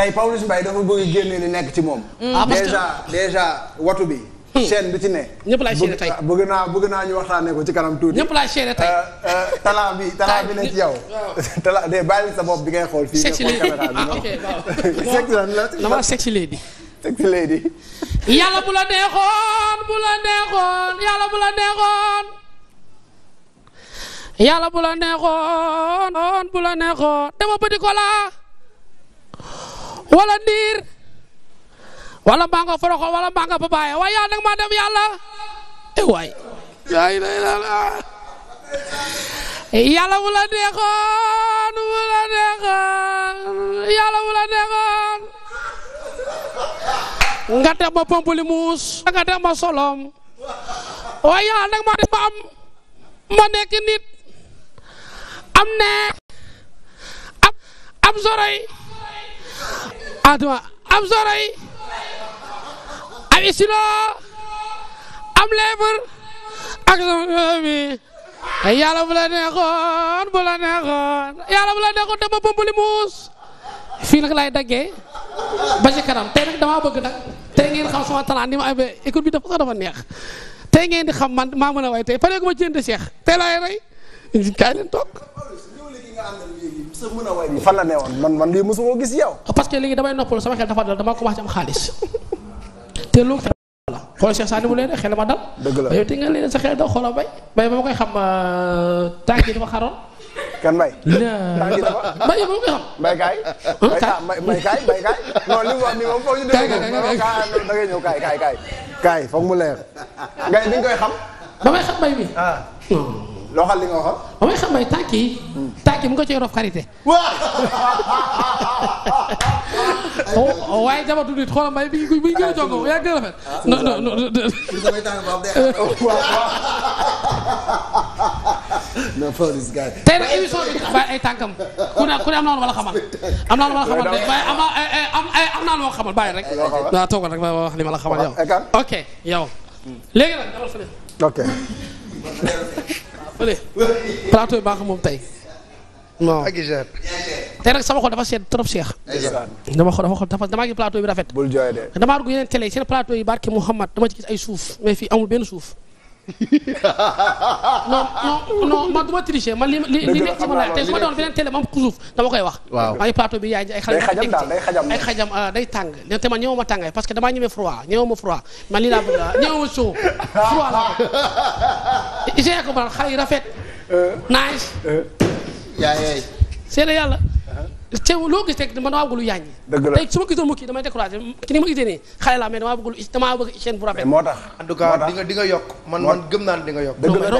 tey Pawlish Mbaye dafa bëgg génne li nekk ci moom. Mm. ah déjà déjà bi. Hmm. chaîne bi ci ne. ñëpp laay seede tey bëgg naa bëgg naa ñu waxtaanee ko ci kanam tuuti. ñëpp laay seede tey. Euh, euh, talent bi talent bi ne ci yow. talent sa bopp bi ngay xool. fii nga xool caméra bi non sexy lan la yàlla bu la neexoon bu la neexoon yàlla bu la neexoon. yàlla bu la neexoon bu la neexoon wala ndiir wala mbaa nga wala mbaa nga papaaya waaye yàlla maa dem yàlla e waay yaay lay yàlla mu la neexoon mu la neexoon yàlla mu la neexoon nga teg ma pompali nga teg ma solom waaye yàlla nag ma dem ba am ma nekk am ne am am adama am soroy am isilo am leebur ak sama mi yàlla bu la neexoon bu la dama bombali muus fii nag laay daggee ba ci kanam tey nag damaa bëgg nag tey ngeen xam sama talent ni ma amee école bi dafa sax dafa ngeen di xam man maa mën a way tey pareegu ma jënd Cheikh tey rey kaay leen sa mën a wàññi fan la ne woon man man lii mosu koo gis yow. parce que léegi damay noppalu sama xel dafa dal dama ko wax ci am xaalis te loolu xel la xool Cheikh Sani mu leen xel ma dal. dëgg la yow te ba ma koy xam euh, tànk yi dafa xaroon. kan Mbaye. tànk yi dafa Mbaye yow kaay. Mbaye kaay Mbaye kaay non mu wax nii moom foofu ñu déglu. kaay kaay kaay mu leer. ngay ni koy xam. ba may xam mbay mi. Ah. loo xam li nga waxoon. waaw xam nga tànk yi. Hmm. tànk yi mu ko cee rof karité. waaye jabatul nit xoolal mbay mi ngi mi ngi gën a jokkoo yaa gën a rafet. Ah, non non non. non Pawlish gars tey nag émission bi bàyyi ay tànkam ku ne ku ne am naa lu ma la xamal. am naa lu ma la xamal de waaye am naa am naa lu ma xamal bàyyi rek. waaw toogal rek ma wax li ma la xamal yow. ok yow. Hmm. léegi nag. ok. wala plateau yi maa moom tey. non ak Ijeer. tey sama xol dafa seet trop Cheikh. dama xol dafa xol dafa damaa ngi plateau bi rafet. bul jooy de. damaa dugg seen plateau yi barke Mouhamad dama ci gis ay suuf mais fii amul benn suuf. non non non man du ma tricher man li li li nekk ci ma laaj su ma doon beneen télé moom ku suuf dama koy wax. waaw ay plateau bi yaay ay xale. ay xajam day tàng te man ma tàngaay parce que damaa ñëwee froid ñëwuma froid man lii laa bëgg a ñëwuma chaud froid laa ko. ko xale yi rafet. nice. yaay yàlla. te loo gis rek man damaa bëgg lu yaaññi. damay découragé ki ni ma gisee nii xale laa mais damaa bëgg lu damaa bëgg chaîne bu rafet. moo tax en tout nga di yokk. man man gëm naa ne di nga yokk. dëgg la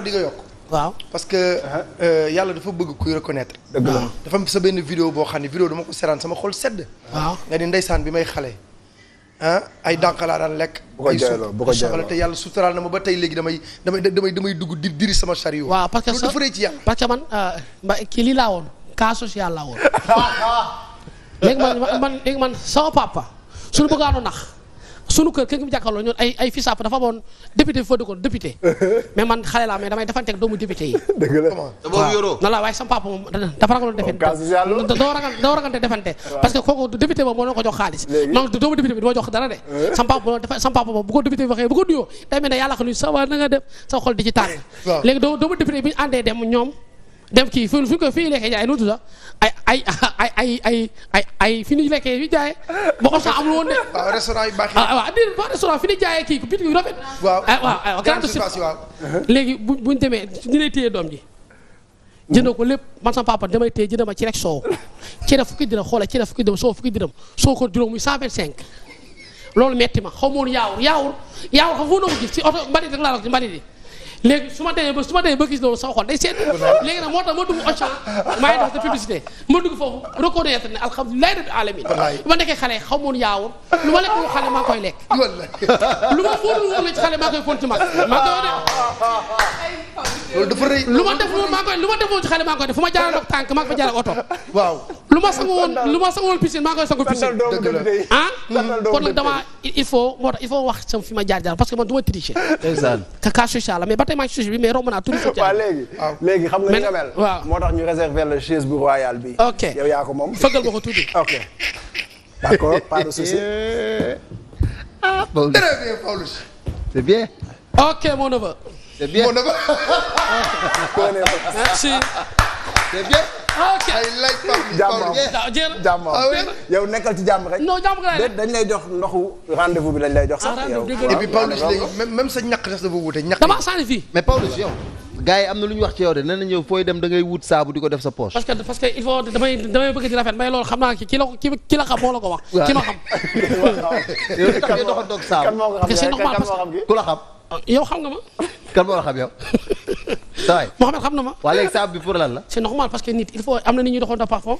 day yokk waaw parce que uh-huh. euh, yàlla dafa bëgg kuy reconnaître. dëgg la ah. dafa sa benn vidéo boo xam ne vidéo dama ko seraan sama xol sedd. waaw nga ni ndeysaan bi may xale. ah ay dànq laa daan lekk. bu ko jaayaloo bu ko jaayaloo te yàlla suturaal na ma ba tey léegi damay damay damay dugg di diri sama chariot. waaw parce que sa yàlla. parce que man euh, kii lii laa cas social laa woon léegi man man léegi man sama papa suñu bëggoon a nax suñu kër kër gi mu jàkkaarloo ñun ay ay FISAP dafa amoon député bu fa dëkkoon député mais man xale laa mais damay defanteeg doomu député yi. dëgg la waaw nan la waaye sama papa defante parce que kooku député boobu moo leen ko jox xaalis doomu député bi du jox dara de eh? sama bu ko député bi waxee bu ko nuyoo day mel yàlla ko nuyu sa waa na sa xol di ci léegi doomu député bi àndee dem ñoom dem kii fu fu ko fii lekkee jaay nu tudd ay ay ay ay ay ay ay fi ñu lekkee fi jaayee ba ko sax amul woon de. waaw restaurant yu baax yi. ah waaw di ba restaurant fi ñu jaayee kii bitig yu rafet. waaw ah, ah, waaw grande surface léegi bu bu demee ñu lay téye doom ji. jëndoo ko lépp man sama papa damay téye jënd ma ci rek soow ci la fukki dina xoolal ci la fukki dërëm soo fukki dërëm soo ko juróom muy 125. loolu metti ma xaw ma woon yaawur yaawur yaawur xam nga foo ko gis si oto mbalit rek laa la ci mbalit yi léegi su ma demee ba su ma demee ba gis loolu sama xol day seet léegi nag moo tax ma dugg Auchan maa ngi def sa publicité ma dugg foofu reconnaître ne alhamdulilahi rabbi alamin bu ma nekkee xale xaw moon yaawur lu ma lekk xale maa koy lekk lu ma fóotul woon la ci xale maa koy fonti mag maa koy de loolu dafa rëy lu ma def woon maa koy lu ma def woon ci xale maa koy def fu ma jaarale ak tànk maa ko fa jaarale oto. waaw lu ma sangu woon lu ma sangu woon piscine maa koy sangu piscine. ah. kon nag dama il faut wax sam fi ma jaar jaar parce que man du ma tricher. ka cas la mais ba maa ngi bi mais romb naa turu social. waaw léegi léegi xam nga ni nga mel. waaw ñu réserver la chaise bu royal bi. ok yow yaa ko moom fëggal ko ko tuuti. ok C'est bien. Merci. C'est bien. ok ay ah, laaj jàmm ah yow nekkal ci jàmm rek. non jàmm rek dañ lay jox ndoxu rendez vous bi lañ lay jox sax. Ah, yow et puis Pawlish léegi même sa ñàkk des na fa damaa sànni fii. mais Pawlish yow. gars yi am na lu ñu wax ci yow de nee nañu yow fooy dem da ngay wut saabu di ko def sa poche. parce que parce que il faut damay damay bëgg di rafet mais loolu xam naa ki la la xam moo la ko wax. waaw ki ma xam. yow li tax nga doxantoog xam ku la xam yow xam nga ma kan moo la xam yow. saay Mouhamed xam na ma. waa léegi saabu bi pour lan la. c' est parce que nit il faut am na nit ñuy doxantoo parfum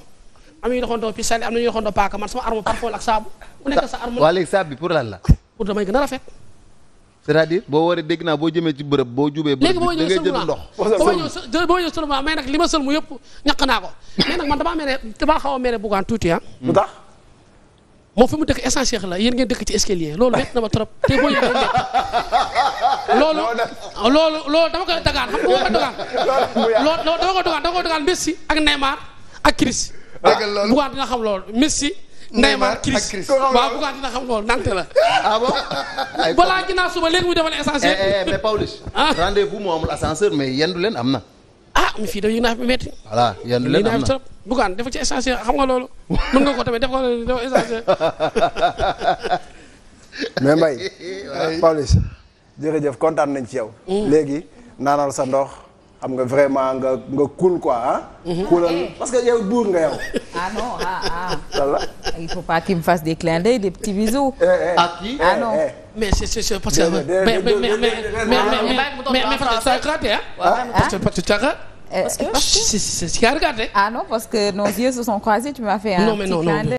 am na ñuy doxantoo am na ñuy doxantoo paaka man sama arme parfum la ak saabu. ku nekk sa arme la. pour damay a boo waree dégg naa boo jëmee ci bërëb boo jubee. léegi boo ñëwee seulement da ngay jënd ndox. mais nag li ma sëlmu yëpp ñaq naa ko mais nag man damaa mere damaa xaw a tuuti ah. moom fi mu dëkk essentiel la yéen ngeen dëkk ci escalier loolu métti ma trop te boo yëgee loolu loolu loolu dama koy dagaan xam nga dama loolu dama koy dagaan Messi ak Neymar ak Chris. Ah. dëgg Bugaan dina xam loolu Messi. Neymar Chris waaw Bugaan dina xam loolu nante la. ah bon balaa suba léegi muy defal essentiel. Eh, eh, mais Pawlish. Ah. rendez-vous moo amul ascenseur mais yendu leen am na. ah mi fii da yëg naa fi metti voilà yenn leen naan na trop bugaan dafa ci essentiel xam nga loolu mën nga ko tamit def ko dafa essentiel mais Mbaye Pawlish jërëjëf kontaan nañ ci yow hmm. léegi naanal sa ndox xam nga vraiment nga nga cool quoi ah. Mhm. coolal eh. parce que yow buur nga yow. ah non ah ah. il faut pas qu'il me fasse des clins d'œil des petits eh, eh. ah non. mais c'est c'est parce que mais mais mais mais ah. ah. parce que ah non parce se sont croisés tu m'as fait un petit clin d'œil.